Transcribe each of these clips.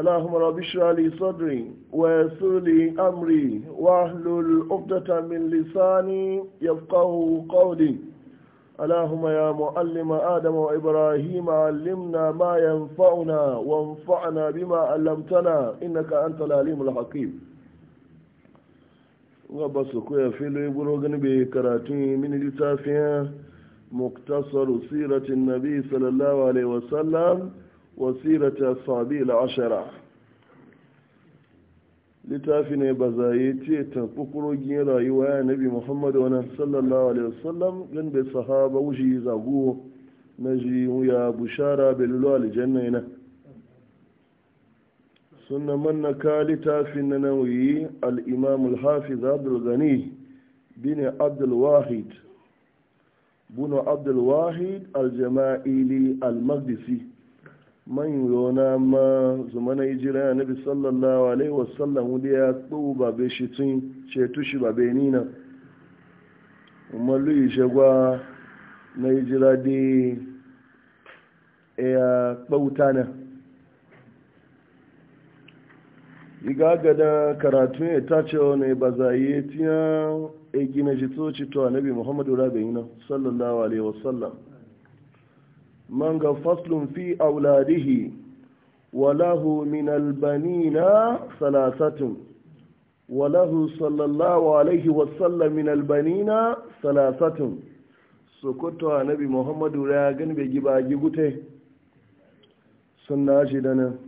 اللهم رب اشرح لي صدري ويسر لي امري واحلل عقدة من لساني يفقهوا قولي اللهم يا معلم ادم وابراهيم علمنا ما ينفعنا وانفعنا بما علمتنا انك انت العليم الحكيم وبس ba في koya filo iburo gani bai karatu mini littafin muktasar siratin nabi sallallahu wasirata sabi ashara littafi ne ba za yi ce tafi rayuwa ya nabi muhammadu wani sallallahu alaihi wasallam gan bai sahaba wuce zago na ji ya bushara belu aljanna yana sunna manna ka littafin na nauyi al-imam al-hafiz bin man yona ma zumana ijira nabi sallallahu alaihi wasallam wanda ya tsuba be shi tun ce tushi ba be nina umma lu ishagwa na ijira di ya bautana iga gada karatu ne ta ce wani ba za a yi tiya egina jito ci to annabi muhammadu rabin yana sallallahu alaihi wasallam man ga faslun fi auladihi walahu min albanina salasatun walahu sallallahu alaihi wasallam min albanina salasatun sokoto annabi muhammadu ya gani bai giba gigute sun na shi da nan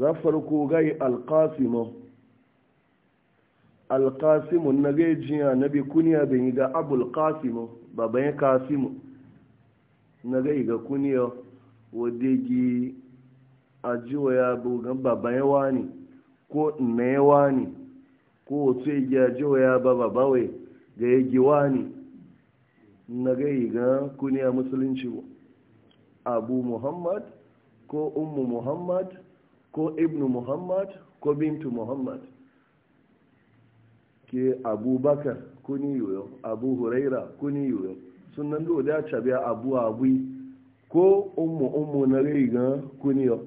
za farko gai alkasimo alkasimo na gajiya na bi kuniya ga abul kasimo baban na ga iga kuniya wadda gi ajiwa ya bugan baba yawa ne ko na yawa ne ko wato ya gi ajiwa ya ba wai ga ya giwa ne na ga iga kuniya musulunci abu muhammad ko ummu muhammad ko ibnu muhammad ko bintu muhammad ke abubakar kuni yoyo abu huraira kuni yoyo sunan do da chabe abu abu ko ummu ummu na riga kuniyo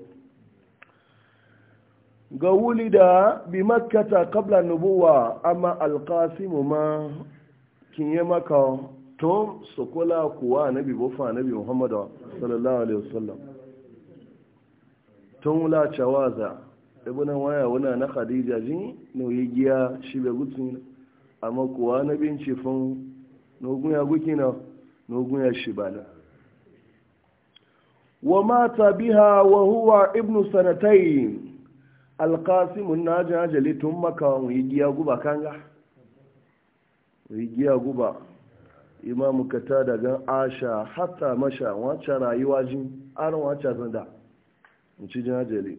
ga wulida bi makkata qabla nubuwa amma alqasim ma kinye maka to sokola kuwa nabi bofa nabi muhammad sallallahu alaihi wasallam tun la chawaza ibn waya wana na khadija jin no yigiya shi be gutsin amma kuwa na bincifin no gunya gukina nogun ya shi bana wa mata biha wa huwa ibnu sanatayn alqasimun naja jali tun maka wani giya guba kanga wani giya guba imam kata daga asha hatta masha wacha rayuwa jin aron wacha zanda in ci jina jali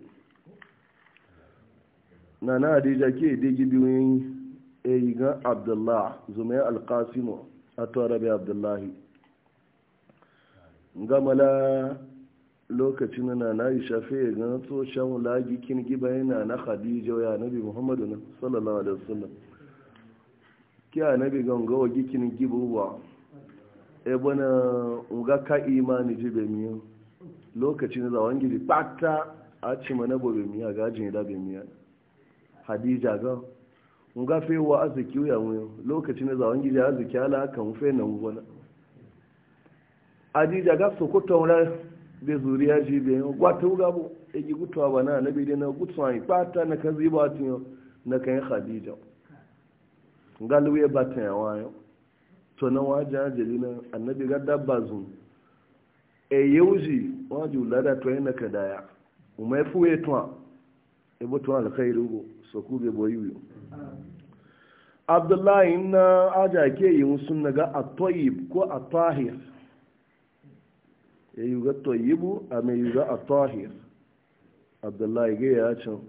na na da ke digi biyun eyi eh, ga abdullah zuma alqasim alqasimu a tuwarabe abdullahi gamala lokacin na na yi shafe ga tsohon lagi kin giba yana na khadija ya nabi muhammadu na sallallahu alaihi wasallam ki a nabi ganga wa gikin gibuwa e nga ka imani jibe miyo lokacin da wangi di pata a ci mana bobe miya gajin da be miya hadija ga uga fe wa aziki ya mu lokacin da wangi aziki kan fe na mu ajija ga su kutonra da zuriya shi da yin gwata wuga bu a e yi gutuwa ba na na da na gutuwa yi fata na kan ziba tun na kan yi khadija galuwe ba ta yawa yau to na waje ajali na annabi ga dabba zun e yauji wajen lada to yi na daya kuma ya fuwe tuwa e butuwa alkhairu bu so ku bai boyi biyu abdullahi na aja ke yi musun na ga atoyib ko atahir ya yi toyibu a mai yi a tahir abdullahi ga ya can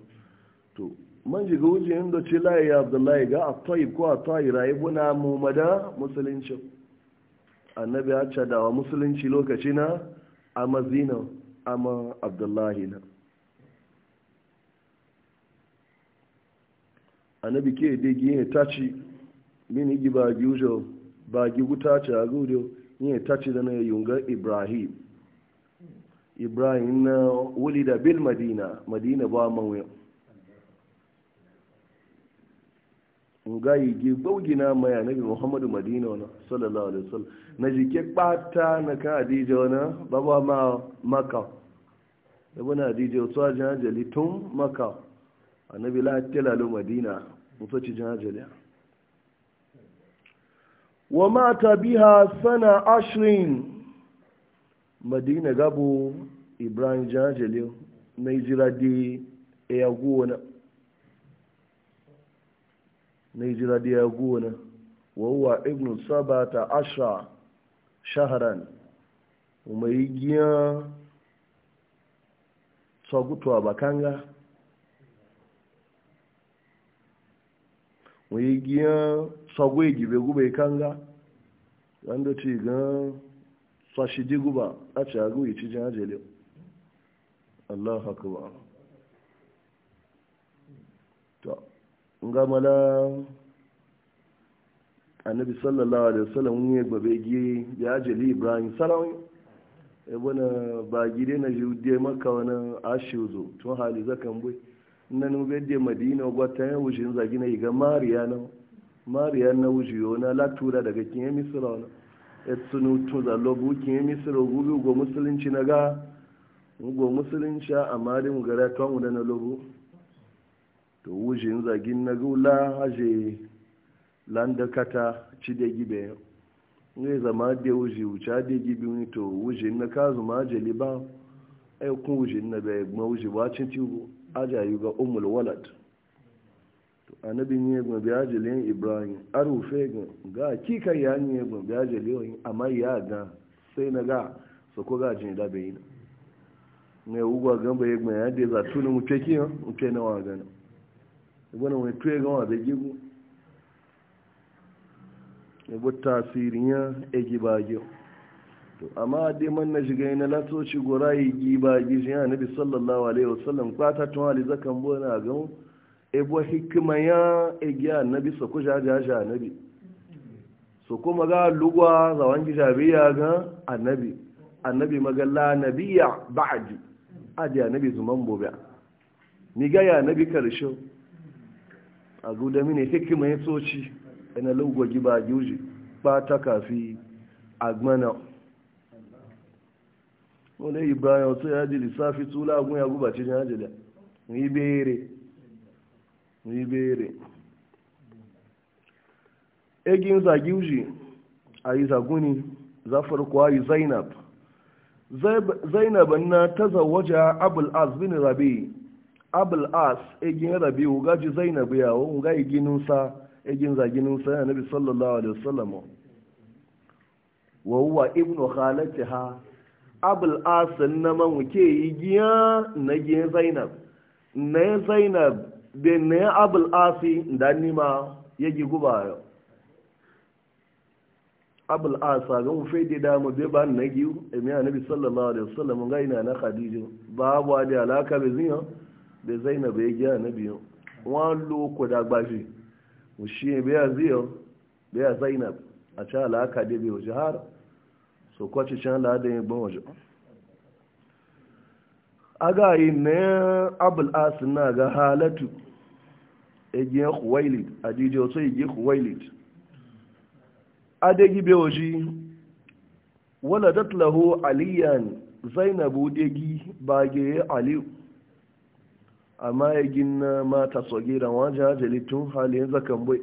to man ji ga wuce inda ce laye ya abdullahi ga a ko a tahira ya mumada musulunci annabi ya wa musulunci lokaci na a mazina ama abdullahi na annabi ke degi ya taci mini gi ba gi wuce ba gi wuta ce a gudu ya taci da na yunga ibrahim ibrahim na wuli da bil madina madina ba manwe nga yi gi na maya nabi muhammadu madina wana sallallahu alaihi wasallam na jike kpata na kan adija wana baba ma maka da na adija wato a jihajali tun maka annabi la tilalo madina mutu ci jihajali wa ma ta biha sana ashirin madina gabo ibrahim janjeliyo na ijira di eyagwona na ijira di eyagwona wawa ibn sabata asha shaharan mai giya tsogutuwa bakanga mai giya tsogwe gibe gube kanga wanda ci gan fashi diguba a cagu yi cijin ajiyar Allah haka ba ta gamala annabi sallallahu alaihi wasallam ya gbabe gi ya ajiyar ibrahim salawun ya e bana ba gide na jiwude maka wani ashizo tun hali zakan bai nan ubede madina gwata ya wuce zagi na iga mariya na mariya na wuce na latura daga kinye misira wani etsunu da lobu kin misiro gubi go musulunci na ga go musulunci a dai mu gara to da na lobu to wujin zagin na gula haje landa kata ci da gibe ne zama da wuji wuce da gibe ni to wujin na kazu ma jeli ba ai ku wujin na bai ma wuji ba cin ci ajayu ga ummul walad annabin yi egbon gwa ajiyar ibrahim arufe egbon ga kika ya yi gwa bi ajiyar amma ya ga sai na ga so ko ga jini da bai ne ugwa gamba gwa ya de za tuni mu teki ya mu teki na wa gana egbon wani tuye gan wa bai gigu ebo tasirin ya egi ba gi to amma dai man na shiga yana latoci gora yi gi ba gi shi ya nabi sallallahu alaihi wasallam kwata tun hali zakan bona a gamu ebo hikima ya egiya nabi so ko jaja ja nabi so ko maga lugwa za wangi jabiya ga annabi annabi maga la nabiya ba'di aje annabi zuman bobe ni ga ya nabi karshe a guda mini hikima ya soci ina lugwa giba juji ba ta kafi agmana wani ibrahim sai ya ji lissafi tula gun ya gubace jajila ni bere n'ibere egin zagi uji a yi zaguni za farko yi zainab zainab na ta zawaja abulaz bin rabi abul'as egin rabi wugaji zainab yawo wuga igininsa egin zagininsa ya nabi sallallahu alaihi wasallam wa huwa ibnu ha abulaz na manwuke wuke yi giya na giyan zainab na zainab benin abul asi da nima ya gi guba yau abul asa ga mu fede da mu be ban na giyu emi annabi sallallahu alaihi wasallam ga ina na khadija babu da alaka be zinya be zainab ya gi annabi wa lo ko da gbaji mu shi be aziyo be zainab a cha alaka de be jihar so ko ci chan la de bon wajo aga yi na abul'asin na ga halatu egiyar huwailid adiji so igi huwailid adegi beoji waladat lahu aliyan zainabu degi bage aliyu amma egin na mata sogira wajen ajalitun halin zakan bai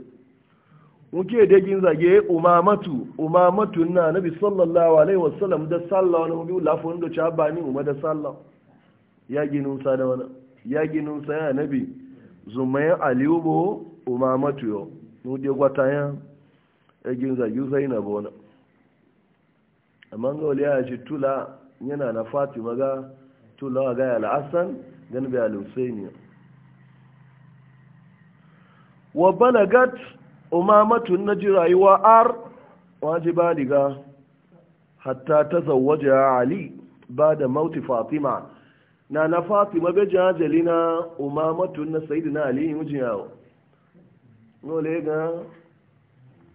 muke degin zage umamatu umamatu na nabi sallallahu alaihi wasallam da sallallahu alaihi wasallam da sallallahu alaihi umar da sallah ya nusa da wani ya nusa ya nabi zumayen aliyubo umamatu yau nude gwata ya egin zagi sai na bona amma ga wali ya shi tula yana na fatima ga tula ga ya la'asan ganin bai alusaini wa balagat umamatu na ji rayuwa ar waje baliga hatta ta zawaje ali ba da mauti fatima na na fatima be jajali na umamatu na sayyidina ali mujiyawo nole ga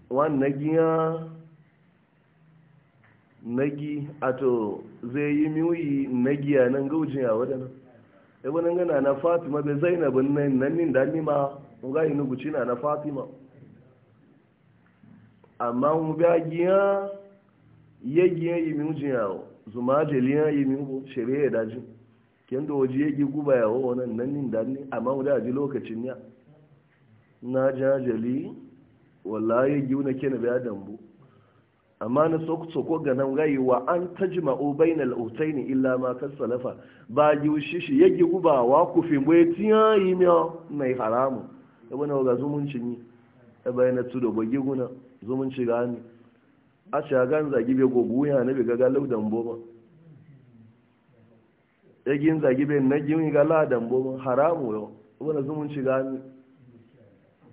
wani giya nagi ato zai yi miyoyi nagiya nan gaujiya wadannan ebe nan e gana na fatima bai zainabin nan nan nin da nima nuguci na na fatima amma mu ga giya ya giya yi miyojiya zuma jeliya yi miyogo ya dajin kendo waje ya gi guba yawo wannan nan nin da amma mu da ji lokacin ya na jajali wallahi gi wuna kena biya dambu amma na soko soko ga nan gayi wa an tajma'u bainal utaini illa ma kasalafa ba gi shishi ya gi guba wa ku fi mwe tiya yi miyo mai haramu ya bana ga zumunci ni ya bayyana su da bogi guna zumunci gani a shagan zagi bai gogu ya na bai ga galau dambo ba egin zagi bai na gini ga ladan bo haramu yau zumun ci gani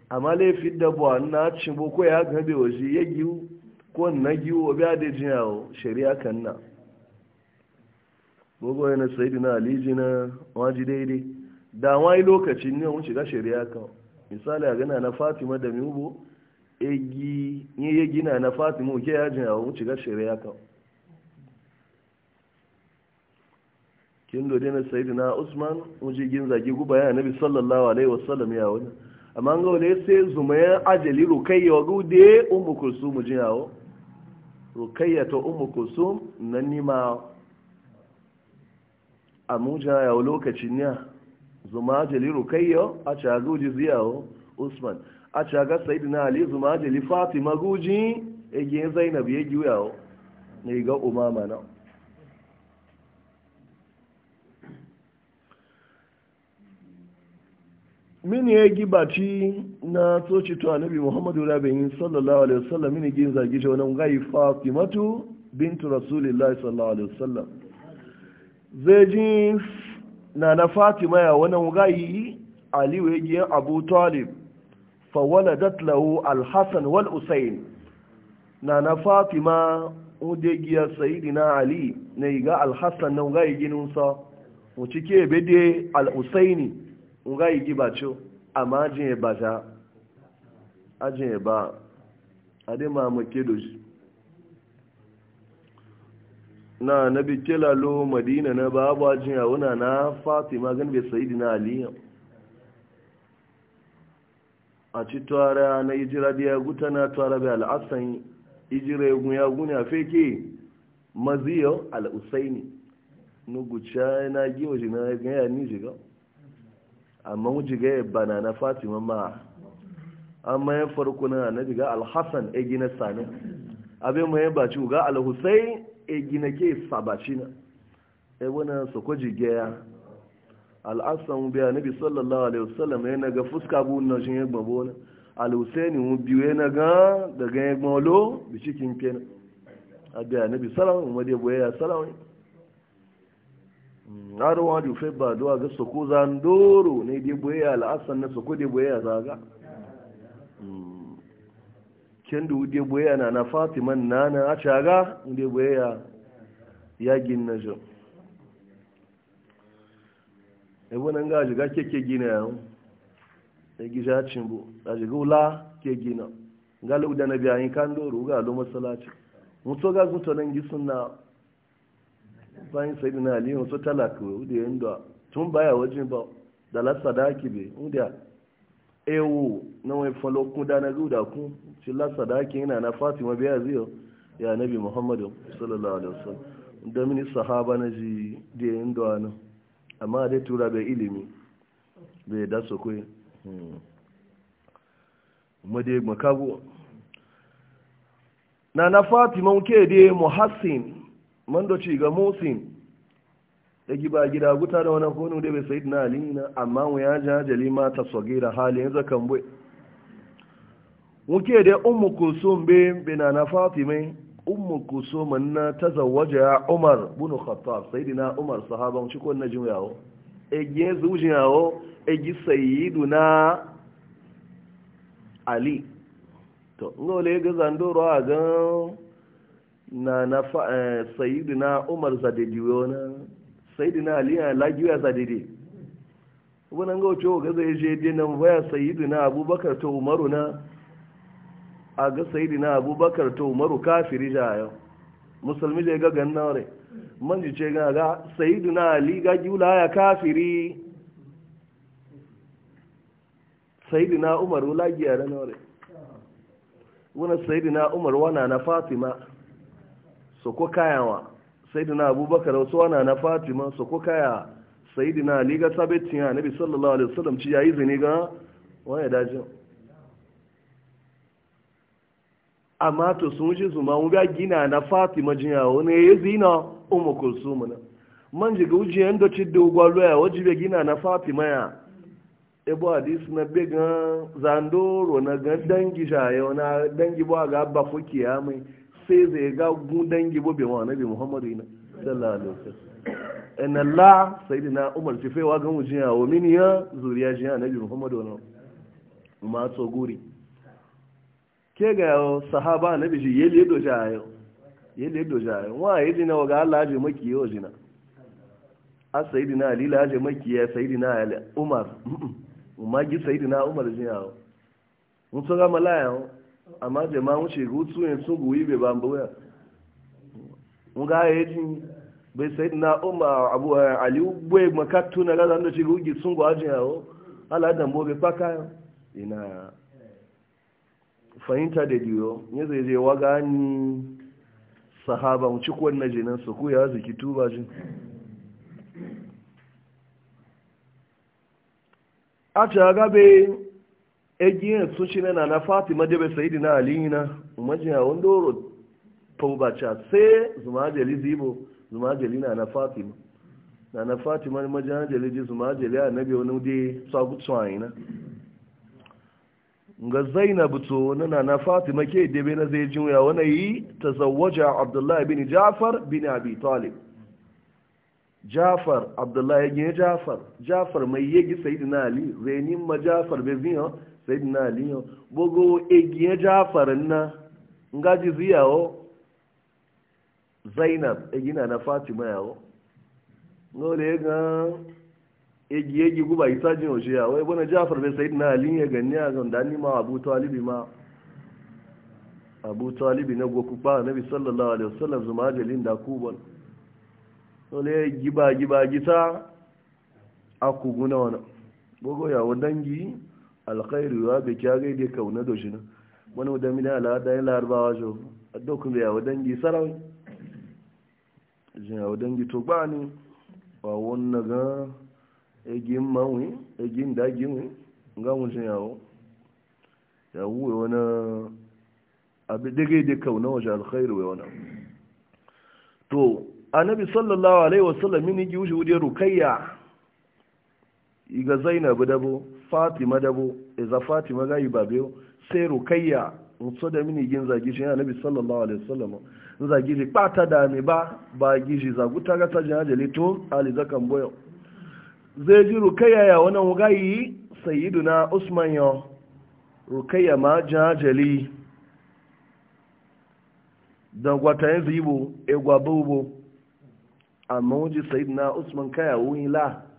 amma laifin da buwa na cin bo ko ya gabe wa shi ya giwu ko na giwu wa biya da jin yawo shari'a kan na gogo yana sayi na aliji na waji daidai da wani lokacin ne mun shiga shari'a kan misali a gana na fatima da mubo egi ne ya gina na fatima ke ya jin yawo mun shiga shari'a kan kin dode na sayyidina usman muje gin zage guba ya nabi sallallahu alaihi wasallam ya wani amma ga wale sai zumaya ajali rukayya wa gude ummu kulsum ji yawo rukayya to ummu kulsum nan ni ma amuja ya lokacin ya zuma ajali rukayya a ca guji ziyawo usman a ca ga sayyidina ali zuma ajali fatima guji ege zainab ya giyawo ne ga umama na mini ya yi gibaci na soci to annabi muhammadu rabin sallallahu alaihi wasallam mini gin zagi ce wani gai fatimatu bintu rasulillahi sallallahu alaihi wasallam zai ji na na fatima ya wani gai aliyu ya giyan abu talib Fa fawala datlawo alhassan wal usain na na fatima ude giya sayidina ali na yi ga alhassan na gai sa mu cike bede al-usaini ga igi bacho amma ajin ya e ba ajin ya e ba a dai mamake da shi na nabi lo madina na babu ajin ya wuna na fatima gan bai sayidi na aliyu a ci tuwara na ijira da ya guta na tuwara bai al'asan ijira e ya gunya gunya feke maziyar al'usaini nuguca na giwa jina ya ganya ni amma wuce ga ya bana na fatima ma amma ya farko na na diga alhassan ya gina sani abin ma ya baci ga alhussein ya gina ke sabaci na ya wani sako jigaya al'asan biya nabi sallallahu alaihi wasallam ya naga fuska bu na shi ya gbabo na alhussein mu biyu ya naga daga ya gbalo bi cikin kenan na nabi sallallahu alaihi wasallam ya salamu haruwa da fai ba zuwa ga soko zan doro ne dai boyayya al'asar na soko dai boyayya zaga ken da dai boyayya na na fatiman na na a caga dai boyayya yagin na jin ebe nan ga shiga ke gina yawon ya e gija cin bu a wula ke gina galu da na biyayin kan doro ga lo masalaci mutu ga gutu nan gisun na bayan sai na aliyu wasu talaka wa wuda yin da tun baya wajen ba da lasa da ake bai wuda ewu na wani falokun da na guda kun shi lasa da ake yana na fatima biya ziyo ya nabi muhammadu sallallahu alaihi wasallam da mini sahaba na ji da yin da wani amma dai tura bai ilimi bai da su kai hmm. makabu na na fatima ke dai muhassin man da ci ga musin da giba gida guta da wani kone da bai sayi na alina amma mu ya ja jali ma ta soge da halin yanzu kan bai muke da ummu kulsum be bina na fatima ummu kulsum na tazawwaja umar bin khattab sayyidina umar sahaban shi ko na jinyawo ege zujiyawo ege sayyiduna ali to ngole ga zandoro a gan na na eh, sayidina umar zadidi wani sayidina aliyu lagiya zadidi wani ga wuce ga zai je nan waya sayidina abubakar ta umaru na a ga sayidina abubakar ta umaru kafiri da yau musulmi da ga ganna rai man ji ce ga ga sayidina ali ga jula ya kafiri sayidina umar lagiya da nore wani sayidina umar wana na fatima soko kayawa sayyidina abubakar wasu wana na fatima soko kaya sayyidina ali ga sabitin ya nabi sallallahu alaihi wasallam ci yayi zini ga waya daji amma to sun ji zuma mu ga gina na fatima jiya wani ya zina ummu kulsum na man ji guji yanda ci da gwalo ya wajibe gina na fatima ya ebo hadis na began zandoro na ga dangi shayo na dangi bo ga abba fuki ya mai sai zai ga gudan gibo bai wa nabi muhammadu ina sallallahu alaihi wasallam en Allah sayyidina Umar ti fewa ga mu wa min ya zuriya jiya nabi muhammadu wa ma to guri ke ga sahaba nabi ji yele do jayo yele do jayo wa yidina wa ga Allah ji maki yo jina a sayidina Ali la ji maki ya sayyidina Umar umma gi sayyidina Umar jiya mun so ga malaya amma jama'a wuce hutu ne sun guyi bai ban bauya mun ga ya ji bai sai na umma abu eh, ali bai makattu na gaza da shiga gi sun guaje yawo ala da dan bobe faka ina fahimta da diyo ne zai je waga ni sahaba mu ci wannan jinan su ku ya zuki tuba jin a ta gabe egiyar sun shi na na fatima da na sayidi na aliyina umajiya wani doro taubaca sai zuma jeli zibo zuma jeli na na fatima na na fatima majiya jeli ji zuma jeli a nabi wani da sagutsu a ina ga zainabu to na na fatima ke debe na zai jiya wani yi ta zawaja abdullahi bin jafar bin abi talib jafar abdullahi ya gina jafar jafar mai yegi sayidi na ali renin ma jafar bai zina. sayyidina aliyu bogo egiye jafarin na ngaji ziyawo zainab egina na fatima yawo ngole ga egi egi guba isaji oje yawo e na jafar be sayyidina aliyu ganni a da ni ma abu talib ma abu talib na goku pa nabi sallallahu alaihi wasallam zuma ajalin da kubal ngole giba giba gita akuguna wana bogo yawo dangi alkhairu ya bai kya gai da kauna da shi na wani wadda mini da yin larabawa jo a dokun da yawon dangi sarawai jin yawon dangi to ba ni wa wannan ga egin mawi egin dagi wi ga mun yawo Ya yawon wani abin da gai da kauna wajen alkhairu wai wani to annabi sallallahu alaihi wasallam mini gi wuce wuje rukayya iga zainabu dabo fatima dabo iza fatima gayi babe sai rukayya so da mini gin zagi shi annabi sallallahu alaihi wasallam zagi ji pata da me ba ba giji zagu ta ga ta jinaje lito ali zakan boyo zai ji rukayya ya wannan gayi sayyiduna usman yo rukayya ma jajali da gwata yanzu yibo e gwabubo amma wuji sayyiduna usman kaya wuyi la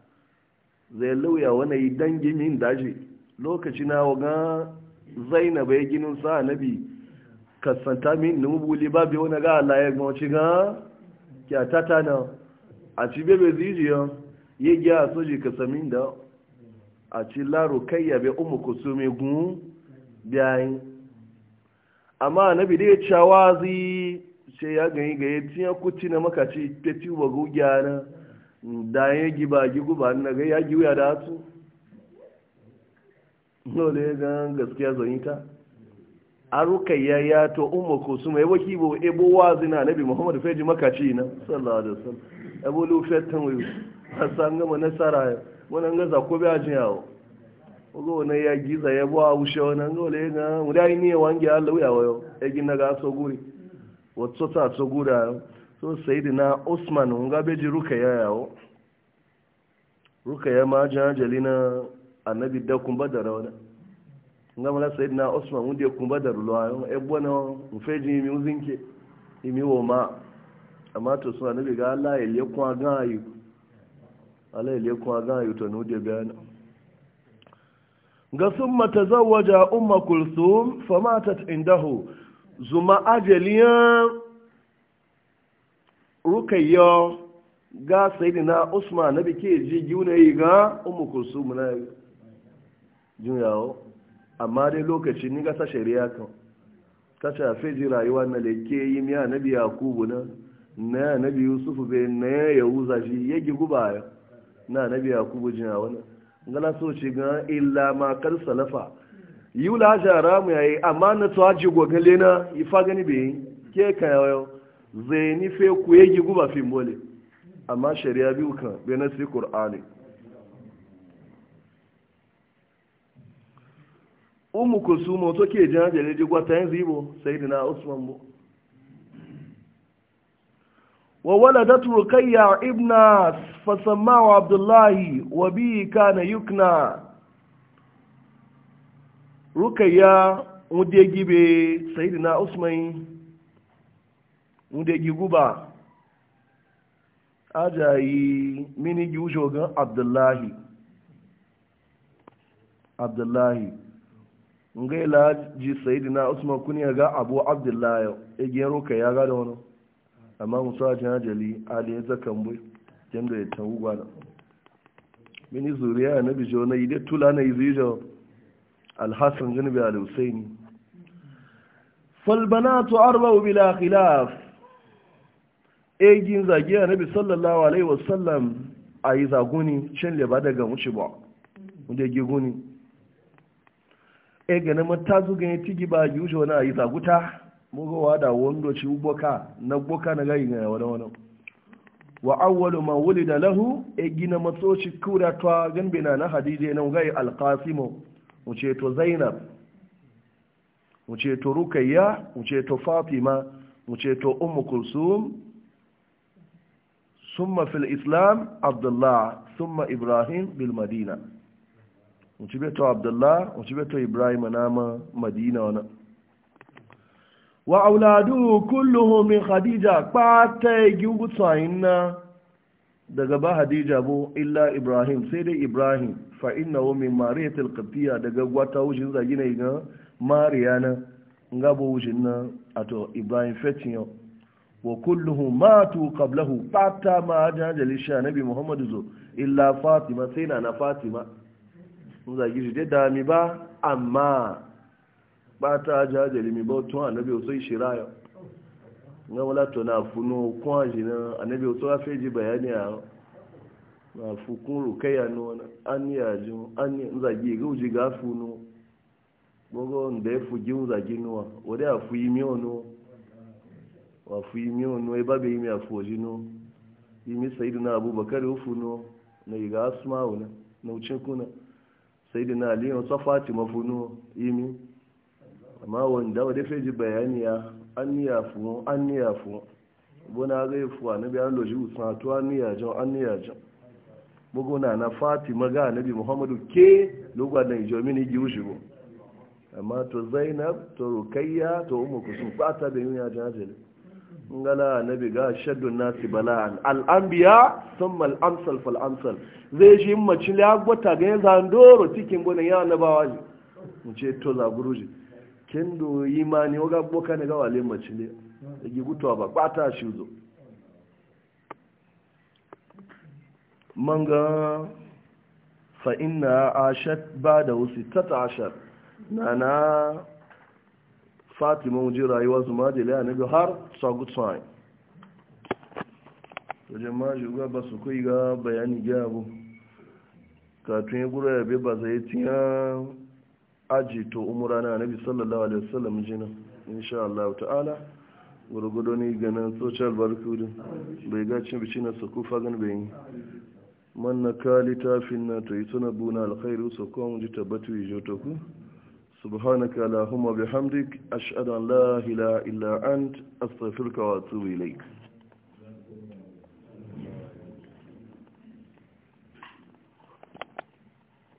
zai lauya wani dangin yin daji lokaci na waga zainab ya ginin sa nabi kasanta min numubuli babu wani ga Allah ya gmaci ga kyata ta na a ci bebe zijiya ya gya soji kasamin da a ci laro kai yabe umu mai gun biyayi amma nabi da ya cawazi ce ya gani ga ya tiyan kuti na makaci ta tiwa gugiya na da ya giba gigu ba na ga ya giwuya da hatu lole ga gaskiya zonita ta arukayya ya to umma kusuma ya waki bo ebo wazina nabi muhammad feji makaci na sallallahu alaihi wasallam ebo lu fetan wayo hasan ga nasara wannan ga zako bi ajin yawo ogo wannan ya giza ya bo aushe wannan lole ga mudai ne wangi Allah ya wayo egin na ga so guri wato ta so gura so na usman nga beji rukaya yawo rukaya ma jajali na annabi da kumba da rawana nga mala na usman wunde kumba lo ayo e bona mfeji mi uzinke imi wo ma amma to so nabi ga Allah ya lekun aga ayu Allah ya lekun aga ayu to nude bayana ga summa tazawwaja umma kulthum famatat indahu zuma ajaliyan ruka rukayya ga sayidina usman na bike ji giuna yi ga umu kulsum na juyawo amma dai lokaci ni ga ta shari'a kan ta shafe ji rayuwa na leke yi miya nabi yakubu na na nabi yusuf be na ya wuza shi ya gigu baya na nabi yakubu jina wani ngala so ci ga illa ma kar salafa yula jara mu yayi amma na tsaji gogale na ifa gani be ke kayayo zai fe ku yi guba fi mole amma shari'a bi uka be na sai qur'ani umu kusumo to ke jan jale ji gwata yanzu ibo sayyidina usman bo wa waladat ruqayya ibna fa samahu abdullah wa bi kana yukna ruqayya udegi be sayyidina usman inda guba ajayi mini gusho gan abdullahi abdullahi ngai sayidi na usman kuniya ga abu abdullahi igiyar e roka ya ga da wani amma musu a jina ali ya zakan bai jan da ya tangu gwada mini zuriya na bijo na yi dai tula na izu zijo alhassan gani bai alhussaini falbanatu arba'u bila khilaf egin zage a nabi sallallahu alaihi wasallam a yi zaguni cin liba daga wuce ba wanda ya guni e gane mata zuga ya tigi ba yi wuce wani a yi zaguta mugawa da wando ci boka na boka na gari na wani wani wa awwalu ma wulida lahu e gina matsoci kura ta gambe na na hadije na gai alkasimo wuce to zainab wuce to rukayya wuce to fatima wuce to ummu kulsum summa fil islam abdullah summa ibrahim bil madina wuce beto abdullah beto ibrahim na madina wani wa auladu kulluhu min khadija pata gugutsayin na daga ba hadija bu illa ibrahim sai dai ibrahim fa innahu min mariyatil qibtiyya daga wata wujin zagina ga mariya na ngabo wujin na ato ibrahim fetin yau wa kulluhu matu qablahu fata ma jajali sha nabi muhammadu zo illa fatima sai na na fatima mun zagi shi dai dami ba amma fata jajali mi ba tun annabi sai shirayo nga wala to na funo kwan shi na annabi so ya feji bayani a na fukun rukaya no an ya jin an ya zagi ga uji ga funo gogo nda fuji zagi nuwa wada fuyi mi ono wa fi mi onu e yi mi afoji no imi na abubakar ufu no na iga asma ona na ucin kuna sayyidina ali on sa fatima fu no imi amma wanda wa dafe ji bayani ya anniya fu anniya fu bona ga fu annabi an loji usan to anniya jo jo na na fatima ga muhammadu ke lugwa na ijo mini ji ushigo amma to zainab to rukayya to ummu kusum fata da yunya jajele ngana nabi ga shaddu nasi bala'an al'ambiya sun mal'amsal fal'amsal zai shi macin lagbata ga yin zandoro cikin gwanin ya bawa ne mu ce to zaguru ji kin do yi ma ne waga boka ne gawa le macin le da gi gutuwa ba bata shi zo manga fa inna ashat ba da wasu tata ashar na na fatima wuje rayuwa su ma majali a nabi har sagutsai to jama'a shugaba ba su kai ga bayani ga abu katun ya gura yabe ba zai tiya aji to umura na nabi sallallahu alaihi wasallam jina insha Allah ta'ala gurgudo ne ganin social barkudu bai ga cin bici na suku fagan bai yi man na kali tafin na to yi suna buna alkhairu su kuma ji tabbatu yi jotoku سبحانك اللهم بحمدك أشهد أن لا إله إلا أنت أستغفرك وأتوب إليك